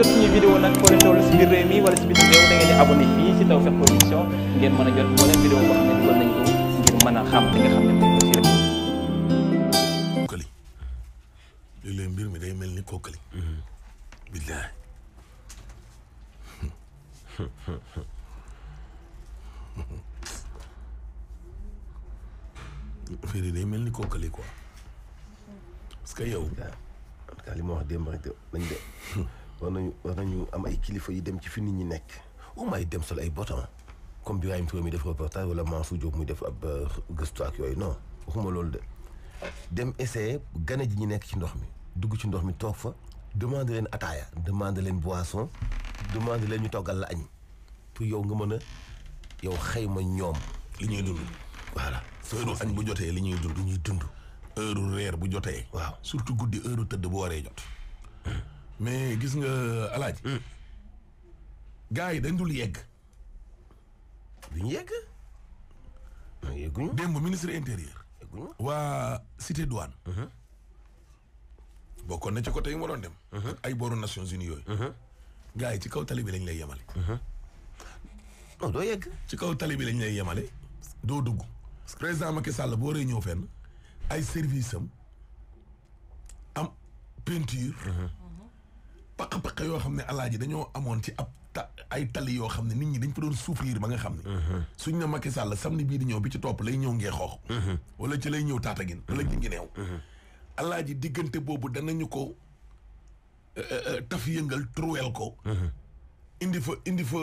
jot suñu vidéo nag foo leen toll si biir réew mi wala si biir réew da ngeen di abonné fii si Tawfekh Production ngeen mën a jot moo leen vidéo boo xam ne dugal nañ ko ngir mën a xam li nga xam ne moom lañ ko kookali léeg-léeg mbir mi day mel ni kookali. billaay. affaire yi day mel ni kookali quoi parce que yow. en tout cas li ma wax démb rek nañ de. war nañu war nañu am ay kilifa yu dem ci fi nit ñi nekk au oh moins dem sol ay botan comme bi Touré mi def reportage wala Mansour Diop muy def ab euh, gëstu ak yooyu non waxuma loolu de dem essayer gane ji ñu nekk ci ndox mi dugg ci ndox mi toog fa demande leen ataaya demande leen boisson demande leen ñu toggal la añ pour yow nga mën a yow xayma ñoom li ñuy dund voilà heure añ bu jotee li ñuy dund ñuy dund heure reer bu jotee waaw surtout guddi heure tëdd bu waree jot mais gis nga alaaj hmm. gars yi dañ dul yegg. duñ yegg. Ah, yegguñu démb ministre intérieur. waa cité douane. Uh-huh. bokkoon na ci côté yi mu waroon dem. Uh-huh. ay booru Nations Unies yooyu. Uh-huh. gars yi ci kaw tali bi lañ lay yemale. doo yegg. ci kaw tali bi lañ lay yemale. doo dugg. président Macky Sall boo waree ñëw fenn. ay service am am peinture. paq-paq yoo xam ne alaaji dañoo amoon ci ab ta ay tali yoo xam ne nit ñi dañ ko doon souffrir ba nga xam ne uh-huh. suñ na Macky sam samedi bii di ñëw bi ci topp lay ñëw ngee xoox uh-huh. wala ci lay ñëw taatagin wala gi ngi neew alaaji diggante boobu danañu ko euh, euh, euh, taf yëngal truwel ko uh-huh. indi fa indi fa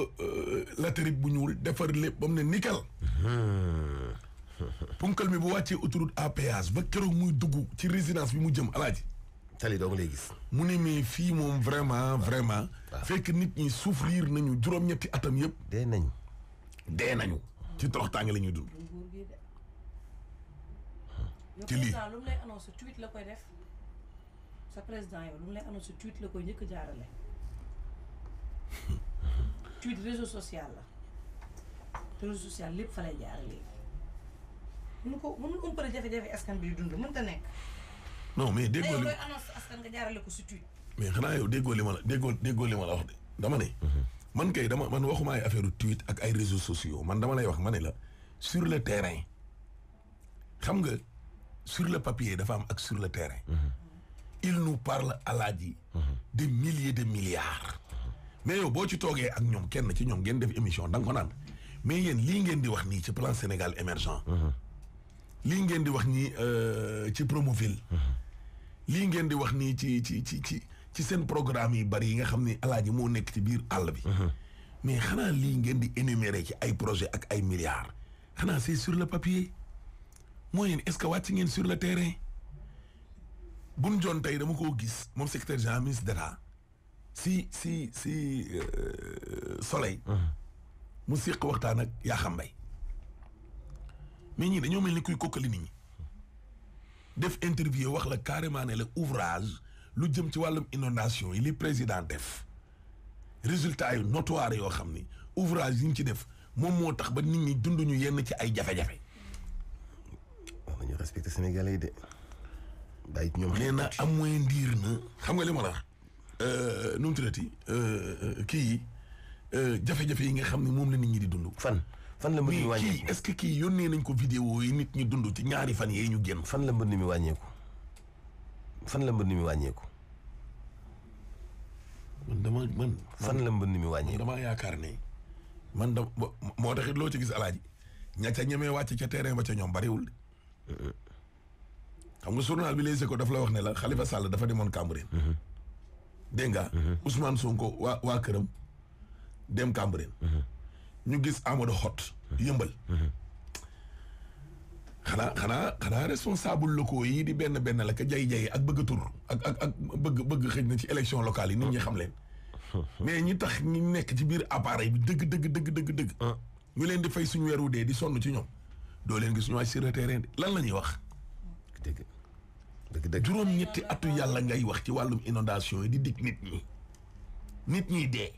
latérite bu ñuul defar lépp ba ne nickel punkal mi bu wàccee autoroute à ba keroog muy dugg ci résidence bi mu jëm alaaji tali doo lay gis. mu ne mais fii moom vraiment ah. vraiment. Ah. fekk nit ñi souffrir nañu juróom-ñetti atam yëpp. dee nañu. dee nañu. ci toroxtaange la ñuy dund. ci lii lu mu lay annoncé tweet la koy def sa président yow lu mu lay annoncé tweet la koy njëkk a jaarale. tweet réseau social la te réseau social lépp fa lay jaarale. mënu ko mënu umpale jafe-jafe askan bi di dund mënta nekk. non mais déggoo li mais xanaa yow déggoo li ma la déggoo déggoo li ma la wax dama ne. Mhm. man kay dama man waxuma ay affaire tweet ak ay réseaux sociaux man dama lay wax ma ne la sur le terrain xam nga sur le papier dafa am ak sur le terrain. Mhm. il nous parle alaaji mhm. de milliers de milliards. mais yow boo ci toogee ak ñoom kenn ci ñoom ngeen def émission da nga ko naan mais yéen lii ngeen di wax nii ci plan Sénégal émergent. lii ngeen di wax nii euh, ci Promoville. lii ngeen di wax nii ci ci ci ci ci seen programme yi bari yi nga xam ne alaaji moo nekk ci biir àll bi. Mhm. mais xanaa lii ngeen di énumérer ci ay projet ak ay milliards. xanaa c'est sur le papier. mooy yéen est-ce que wàcc ngeen sur le terrain. bun joon tey dama koo gis moom secrétaire général ministre d'État si si si euh, soleil. Mhm. mu siq waxtaan ak yaa xam mbay mais ñii dañoo ñoom ni kuy kokkali nit def interview wax la carrément ne la ouvrage lu jëm ci wàllum inondation yi li président def résultat yu notoire yoo xam ni ouvrage yi ñu ci def moom moo tax ba nit ñi dunduñu yenn ci ay jafe-jafe. wax nañu respecté Sénégalais yi de. bàyyi ñoom nee na amoy ndiir na xam nga li ma la wax. Euh, euh, euh, kii yi jafe yi nga xam ne moom la nit ñi di dundu fan. fan la mbënd mi wàññeeku mais est ce que kii yónnee nañ ko vidéo yi nit ñi dund ci ñaari fan yee ñu génn. fan la mbënd mi wàññeeku la mbënd mi wàññeeku. man dama man. fan la mbënd mi wàññeeku damaa yaakaar ne man da moo taxit loo ci gis alaaji ña ca ñemee wàcc ca terrain ba ca ñoom bariwul. xam nga journal bi Les Échos daf la wax ne la Khalifa sàll dafa demoon Cambérène. Mm-hmm. dégg usmaan mm-hmm. Ousmane ko waa waa këram dem Cambérène. Mm-hmm. ñu gis Amadou Hott yëmbal xanaa xanaa xanaa responsable locaux yi di benn benn la ka jay-jay ak bëgg tur ak ak bëgg bëgg xëj na ci élection locale yi nit ñi xam leen mais ñi tax ñi nekk ci biir appareil bi dëgg dëgg dëgg dëgg ah. ñu leen di fay suñu weeru dee di sonn ci ñoom doo leen gi ñu waaj sur le terrain di lan la ñuy wax dëgg dëgg dëgg juróom ñetti atu yàlla ngay wax ci wàllum inondation yi di dig nit ñi nit ñi dee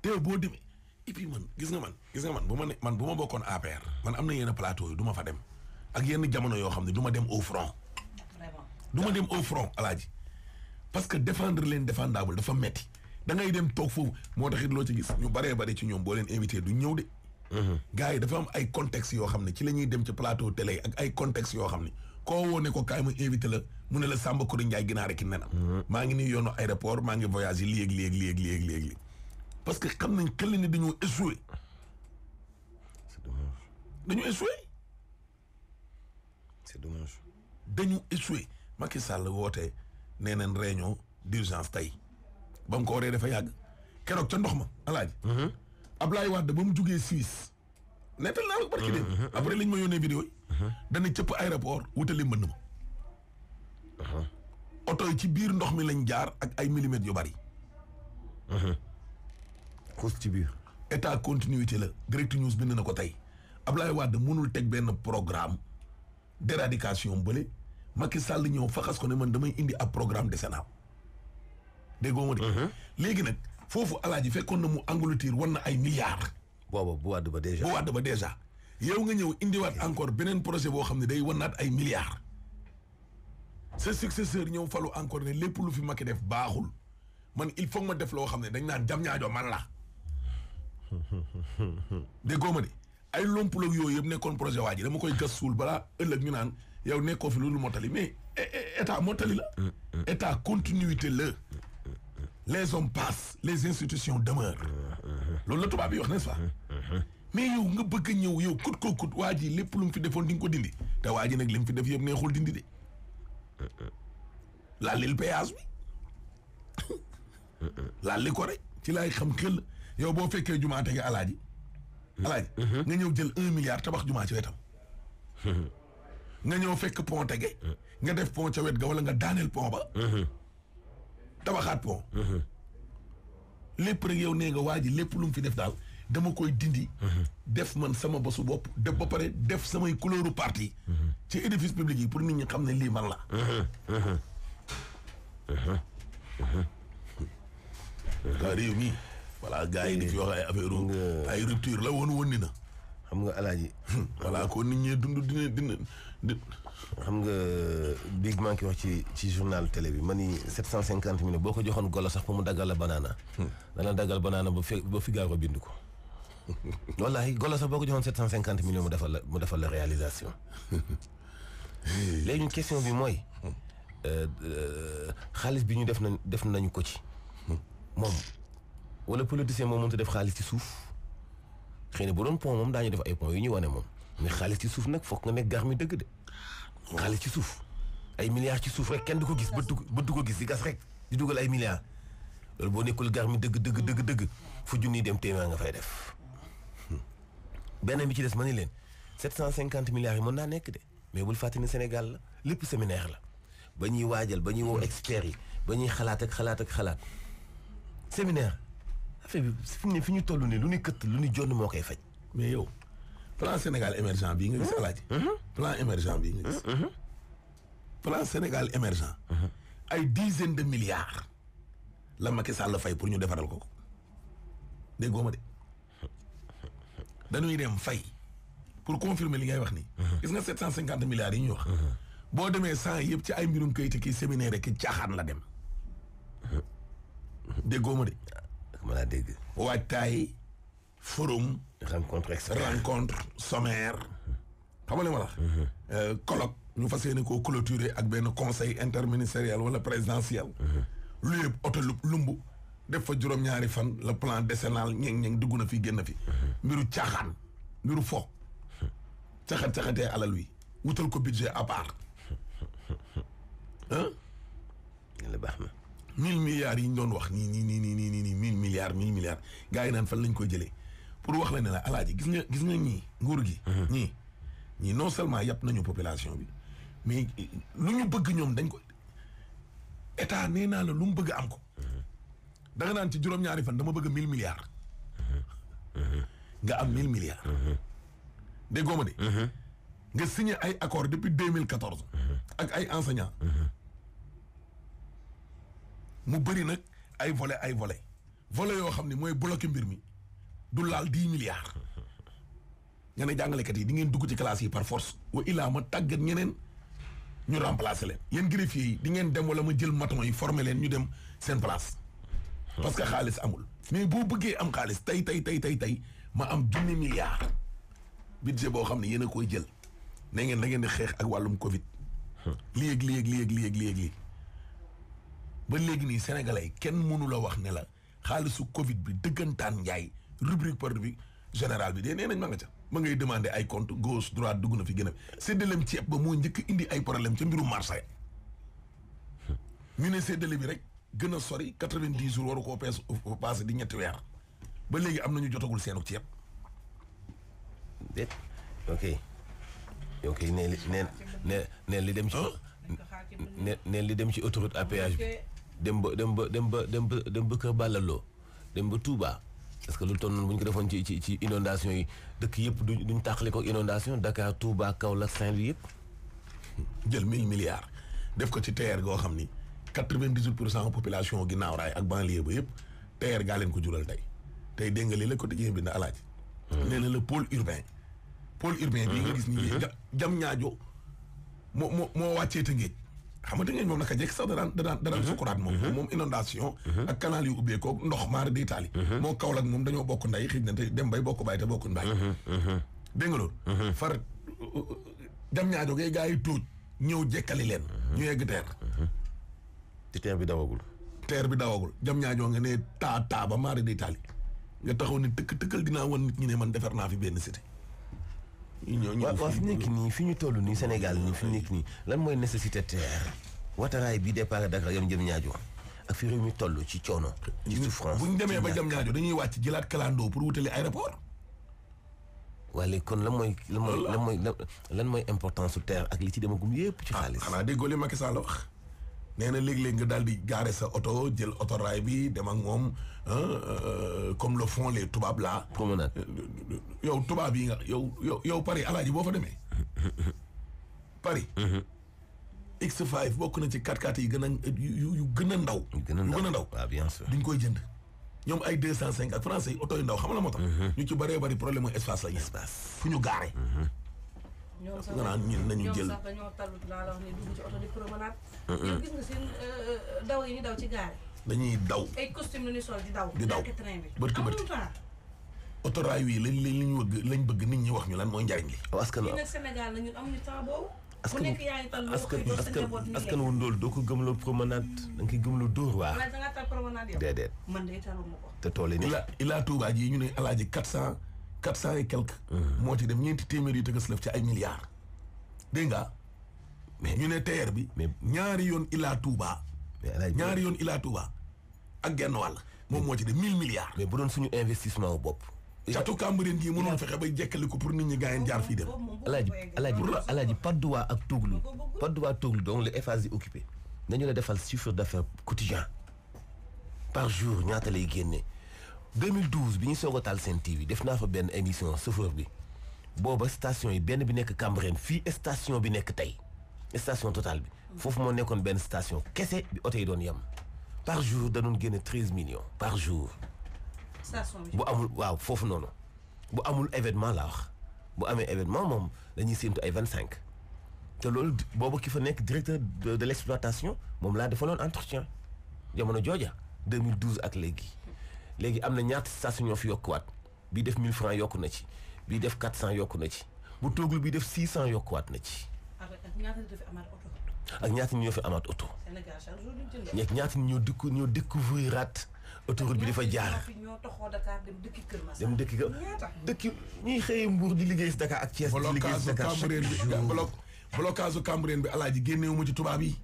te boo demee et man gis nga man gis nga man bu ma ne man bu ma bokkoon APR. man am na yenn plateau yi du ma fa dem ak yenn jamono yoo xam ne du ma dem au front. du ma dem au front alaaji parce que défendre leen défendable dafa metti da ngay dem toog foofu moo taxit loo ci gis ñu bare bari ci ñoom boo leen invité du ñëw de. Mhm. gars yi dafa am ay contexte yoo xam ne ci la ñuy dem ci plateau télé ak ay contexte yoo xam ne koo woone ko kaay ma invité la mu ne la Samba Kouri Ndiaye ginaare ki nenam mhm. maa ngi nii yoonu aéroport maa ngi voyagé léegi léegi léegi léegi léegi. parce que xam nañ xel ni dañu échoué. c'est dommage. dañu échoué Macky Sall woote nee nañ réunion d'urgence tey ba mu ko waree dafa yàgg keroog ca ndox ma alaaji. wax mhm. Wade ba mu jógee Suisse. nettal naa barki dem mhm, mhm, après liñ ma yónnee vidéo yi. dana cëpp aéroport wutale mbënd ma. Uh-huh. oto yi ci biir ndox mi lañ jaar ak ay millimètres yu bari. xuus ci biir. état continuité la direct news bind na ko tey Ablaye Wade mënul teg benn programme d'éradication bële Macky Sall ñëw faxas ko ne man damay indi ab programme décennal. dégg nga de. Mhm. léegi nag foofu alaaji fekkoon na mu Angleterre war na ay milliards. boobu bu wàdd ba déjà. bu yow nga ñëw indiwaat encore beneen projet boo xam ne day wan naat ay milliards. sa successeur ñëw falu encore ne lépp lu fi Macky def baaxul man il faut ma def loo xam ne dañ naan jam ñaajo man la. déggoo ma de ay lompuloog yooyu yëpp nekkoon projet waa ji dama koy gas suul balaa ëllëg ñu naan yow nekkoo fi loolu mottali mais état mottali la. état continuité la. les hommes passent les institutions demeurent. loolu la tubaab yi wax nest mais yow nga bëgg ñëw yow kut koo kut waa ji lépp lu mu fi defoon di nga ko dindi te waa ji nag li mu fi def yëpp neexul dindi de. laal li péage bi. laal ko rek ci laay xam xel. yow boo fekkee jumaa tege alaaji alaaji mhm. nga ñëw jël un milliard tabax jumaa ci wetam mhm. nga ñëw fekk pont tege nga def pont ca wet ga wala nga daaneel pont ba mhm. tabaxaat pont lépp rek yow nee nga waa ji lépp lu mu fi def daal dama koy dindi def man sama bosu bopp def ba pare def samay couleuru parti ci édifice public yi pour nit ñi xam ne lii man la waa réew mi voilà gars yi di fi wax ay affaire la woon woon ni na. xam nga alaaji. voilà ko ni ñi dund dina dina di. xam nga big man ki wax ci ci journal télé bi ma ni sept cent cinquante mille boo ko joxoon golo sax pour mu daggal la banaana. Hmm. dana daggal banaana ba fi ba fi gaa ko bind ko. golo sax boo ko joxoon sept cent cinquante millions mu defal la mu defal la réalisation. léegi question bi mooy. Euh, euh, xaalis bi ñu def nañ def nañu ko ci. Hmm. moom. wala politicien moom mënta def xaalis ci suuf xëy na bu doon pont moom daañu def ay pont yu ñuy wane moom mais xaalis ci suuf nag foog nga nekk gar dëgg de. xaalis ci suuf ay milliards ci suuf rek kenn du ko gis bët du ko gis di gas rek di dugal ay milliards loolu boo nekkul gar mi dëgg dëgg dëgg dëgg fu junniy dem téeméer nga fay def. Hmm. beneen bi ci des ma ni leen 750 milliards yi mën naa nekk de mais bul fàtte ni Sénégal la lépp séminaire la ba ñuy waajal ba ñuy woo experts yi ba ñuy xalaat ak xalaat ak xalaat séminaire. affaire bi fi mu fi ñu toll nii lu ñu këtt lu ñu jonn moo koy faj. mais yow plan Sénégal émergent bi nga gis alaaji. plan émergent bii nga gis. plan Sénégal émergent. ay dizaine de milliards. la Macky Sall fay pour ñu defaral ko ko déggoo ma de dañuy dem fay pour confirmer li ngay wax nii. gis nga sept cent cinquante milliards yi ñuy wax. boo demee cent yëpp ci ay mbirum kayit kii séminaire ki caaxaan la dem. déggoo ma de. mën a dégg. waajtaay forum. rencontre rencontre sommaire. xam nga li ma la wax. Mhm. Euh, ñu fa yéene koo clôturer ak benn conseil interministériel wala présidentiel. Mhm. lu yëpp oto lumbu def fa juróom-ñaari fan le plan décennal ñeeng ñeeng dugg na fi génn fi. Mhm. mbiru caaxaan mbiru fo. caxat caxatee alal wi wutal ko budget à part. baax na. mille milliards yi ñu doon wax nii nii nii nii nii nii nii mille milliards mille milliards gars yi naan fan lañ koy jëlee pour wax la ne la alaaji gis nga gis nga ñii nguur gi mhm. ñii ñii non seulement yàpp nañu population bi mais eh, lu ñu bëgg ñoom dañ ko état nee naa la lu mu bëgg am ko mhm. da naan ci juróom-ñaari fan dama bëgg mill milliards mhm. nga am mille milliards dégg nga ma de nga signé ay accord depuis deux mille quatorze ak ay enseignants mu bëri nag ay volet ay volet volet yoo xam ne mooy bloqué mbir mi du laal dii milliards nga ne jàngalekat yi di ngeen dugg ci classe yi par force wa ilaa ma tàggat ñeneen ñu remplacer leen yéen greffier yi di ngeen dem wala ma jël maton yi forme leen ñu dem seen place parce que xaalis amul mais boo bëggee am xaalis tey tey tey tey tey ma am junni milliards budget boo xam ne yéen koy jël ne ngeen da ngeen di xeex ak wàllum covid lii yëg lii yëg lii yëg lii ba léegi nii sénégalais kenn mënu wax ne la xaalisu Covid bi dëggantaan njaay rubrique par rubrique général bi de nee nañ ma nga ca ma ngay demander ay compte gauche droite dugg na fi gën a séddaleem ceeb ba moo njëkk indi ay problème ca mbiru marché ñu ne séddale bi rek gën a sori quatre-vingt-dix waru koo pees passé di ñetti weer ba léegi am na ñu jotagul seenu ceeb. déet ok ok ne ne ne li dem ci. li dem ci autoroute à péage bi. dem ba dem ba dem ba dem ba dem ba Ballaloo dem ba Touba parce que lu toll noonu bu ñu ko defoon ci ci ci inondation yi dëkk yëpp duñ duñ tàqale ko inondation Dakar Touba Kaolack Saint-Louis yëpp. jël mille milliards def ko ci TER goo xam ni quatre-vingt-dix-huit pour cent population ginnaaw raay ak banlieue ba yëpp TER gaa leen ko jural tey tey dégg nga lii la quotidien bi na alaaj hmm. nee na le pôle urbain. pôle urbain bii nga hmm. gis nii. Hmm. jam ñaajo moo moo moo wàccee Tëngéej xam nga da ngeen moom naka jekk sax danaan danaan danaan mhm. moom mhm. moom inondation mhm. ak canal yu ubbeekoo ndox maar di taali moo Kaolack moom dañoo bokk nday xëj na te dem bay bokk bàyyi te bokkuñ bàyyi dégg nga loolu euh, euh, yi tóoj ñëw jekkali leen ñu yegg teer teer bi dawagul teer bi dawagul jam ñaajoo nga ne taa taa ba maar di taali nga taxaw ne tëkk tëkkal dinaa wan nit ñi ne man defar naa fi benn cité yi ñoo ñëw waaw fi nekk nii fi ñu toll nii Sénégal nii fi nekk nii lan mooy nécessité terre wateraay bi départ Dakar yam jëm ñaajo ak fi réew mi toll ci coono ci souffrance bu ñu demee ba jëm ñaajo dañuy wàcc jëlaat kalandoo pour wutali aéroport wala kon lan mooy lan mooy lan mooy lan mooy importance su terre ak li ci demagum yëpp ci ah, xaalis xanaa déggoo li Macky wax nee na léeg-léeg nga daal di gaare sa oto jël otoraay bi dem ak moom euh, comme le fond les tubaab là. promenade euh, yow tubaab yi nga yow yow yow Paris alaaji boo fa demee. Paris. X5 bokk na ci 4 x yi gën a yu gën a ndaw. yu gën a ndaw yu gën a ndaw. waaw ah, bien sûr duñ koy jënd. ñoom ay deux cent cinq ak français yi oto yu ndaw xam la mm-hmm. ñu ci baree bari problème mu espace la ñu. fu ñu gaare. Mm-hmm. ñoom sax nga naan ñun nañu jël ñoom euh, yi daw ci gaare. dañuy daw ay costume la ñuy sol di daw. di daw train bi bërki bërki autorail yi lañ lañ lañ bëgg nit ñi wax ñu lan mooy njariñ li. waaw askan wi Sénégal la ñun amuñu temps boobu. askan bu nekk yaa ngi tal askan askan wu ndóol doo ko gëmloo promenade da nga koy gëmloo dóor waa. waaye da ngaa tal promenade yow. déedéet te tool nii. Ila Touba ji ñu ne alaaji quatre cent quatre cent et quelque. moo ci dem ñeenti téeméer yu tëgës lëf ci ay milliards. dégg nga mais ñu ne TER bi. mais ñaari yoon Ila Touba. ñaari yoon Ila Touba. ak genn wàll moom moo ci dem mille milliards. mais bu doon suñu investissement wu bopp. catu Cambérène gii mënoon fexe ba jekkali ko pour nit ñi gars yi jaar fii dem. alaaji alaaji alaaji Padoua ak Touglu. Padoua ak Touglu donc le Eiffage di occupé. nañu la defal chiffre d'affaires quotidien par jour ñaata lay génnee. 2012 bi ñu soog a taal seen TV def naa fa benn émission chauffeur bi booba station yi benn bi nekk Cambérène fii station bi nekk tey station Total bi. foofu moo nekkoon benn station kese bi oto yi doon yem. par jour danoon génne 13 millions par jour. station bi bu amul waaw foofu noonu. bu amul événement la wax bu amee événement moom dañuy séntu ay 25. te loolu boobu ki fa nekk directeur de l' exploitation moom laa defaloon entretien jamono jooja 2012 ak léegi. léegi am na ñaata station fi yokkuwaat bii def 1000 francs yokku na ci bii def 400 yokku na ci bu tooglu bii def 600 yokkuwaat na ci. Ah, ak ñaata ñoo fi amaat oto. ñoo fi ñu jënd. ñeeg ñaata ñoo dëkku ñoo bi dafa jaar ñoo toxoo Dakar dem dëkki Kër dëkki ñuy xëyee Mbour di liggéey si Dakar ak Thiès. di liggéey si Dakar chaque jour blocage Cambérène bi alaaji génnewu ma ci tubaab yi.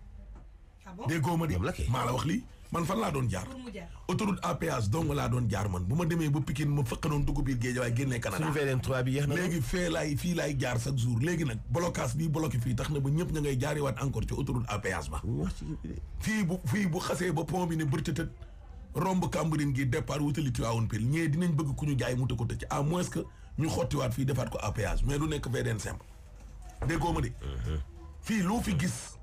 Ah déggoo ma di maa la wax lii man fan laa doon jaar autoroute à péage dong laa doon jaar man bu ma demee ba Pikine ma fëkkanoon dugg biir géej waaye génnee Canada suñu VDN 3 bi yéex na léegi fee laay fii laay jaar chaque jour léegi nag blocage bii bloqué fii tax na ba ñëpp ña ngay jaariwaat encore ci autoroute à péage ba fii bu fii bu xasee ba pont bi ne bërtëtët romb Cambérène gi départ wutali Tivaouane Peulh ñee dinañ bëgg ku ñu jaay mu ko tëj à moins ñu xottiwaat fii defaat ko à péage mais du nekk VDN simple déggoo ma fii lu fi gis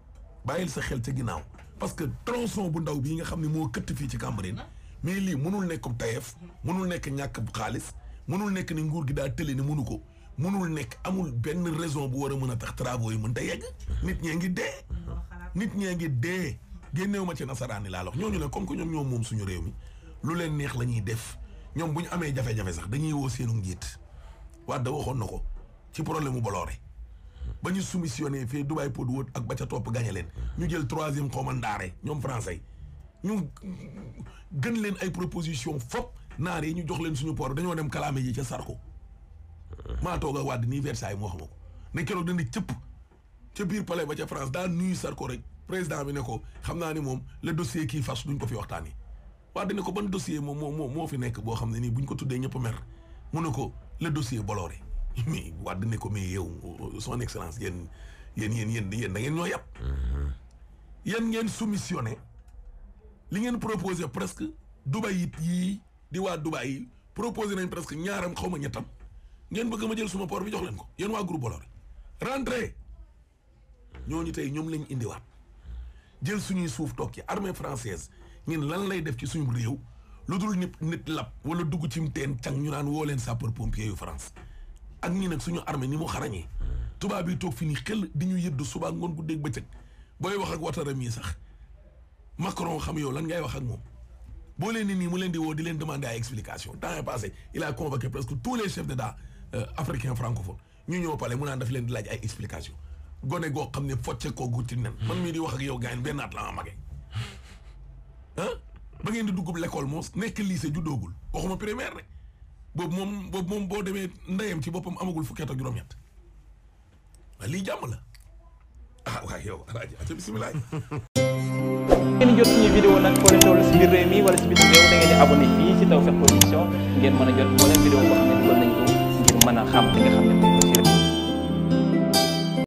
bàyyil sa xel ca ginnaaw parce que tronçon bu ndaw bii nga xam ne moo këtt fii ci Cambérène mais lii mënul nekk tayeef mënul nekk ñàkk bu xaalis mënul nekk ni nguur gi daa tële ni mënu ko mënul nekk amul benn raison bu war a mën a tax travaux yi mën ta yegg nit ñee ngi dee nit ñee ngi dee génneew ma ci nasaraan yi laa wax ñooñu ne comme que ñoom ñoom moom suñu réew mi lu leen neex la ñuy def ñoom bu ñu amee jafe-jafe sax dañuy woo seenu njiit waa da waxoon na ko ci problème mu Bolloré ba ñu soumissionné fii Dubai Pod Wood ak ba ca topp gagné leen ñu jël troisième xaw ma ndaare ñoom français ñu gën leen ay proposition fop naar yi ñu jox leen suñu port dañoo dem kalaame yi ca Sarko maa toog ak Wade nii Versailles moo xam ko ne keroog dañu cëpp ca biir palais ba ca France daa nuyu ko rek président bi ne ko xam naa ni moom le dossier kii fas duñ ko fi waxtaanee Wade ne ko ban dossier moom moo moo moo fi nekk boo xam ne nii buñ ko tuddee ñëpp mer mu ne ko le dossier Bolloré mais Wade ne ko mais yow son excellence yéen yéen yéen yéen yéen da ngeen ñoo yàpp yéen ngeen soumissionné li ngeen proposé presque Dubaï it yii di waa Dubaï yi proposé nañ presque ñaaram xaw ma ñettam ngeen bëgg ma jël suma port bi jox leen ko yéen waa groupe Bolloré rentré ñooñu tey ñoom lañ indiwaat jël suñuy suuf toog ci armée française ngeen lan lay def ci suñu réew lu dul nit nit lab wala dugg ci mu teen càng ñu naan woo leen sapeur pompier yu France ak ñi nag suñu armée ni mu xarañee tubaab yi toog fi ni xel di ñu yëddu subaa ngoon gu dégg bëccëg booy wax ak Ouattara mii sax Macron xam yow lan ngay wax ak moom boo leen nii mu leen di woo di leen demander ay explication temps est passé il a convoqué presque tous les chefs d'État euh, africains francophones ñu ñëw pale mu naan def leen di laaj ay explication gone goo xam ne focce koo gutti nen man mii di wax ak yow gars yi benn at la ma magee ah ba ngeen di dugub l'école moom nekk ju doogul waxuma primaire rek boobu moom boobu moom boo demee ndeyam ci boppam amagul fukki at ak juróom-ñett waaye lii la ah waaye yow alaaji aca bisimilah ngeen jot suñu vidéo nag foo leen toll si biir réew mi wala si biir réew da ngeen di abonné fii si Tawfekh Production ngeen mën a jot moo leen vidéo boo xam ne dugal nañ ko ngir mën a xam li nga xam ne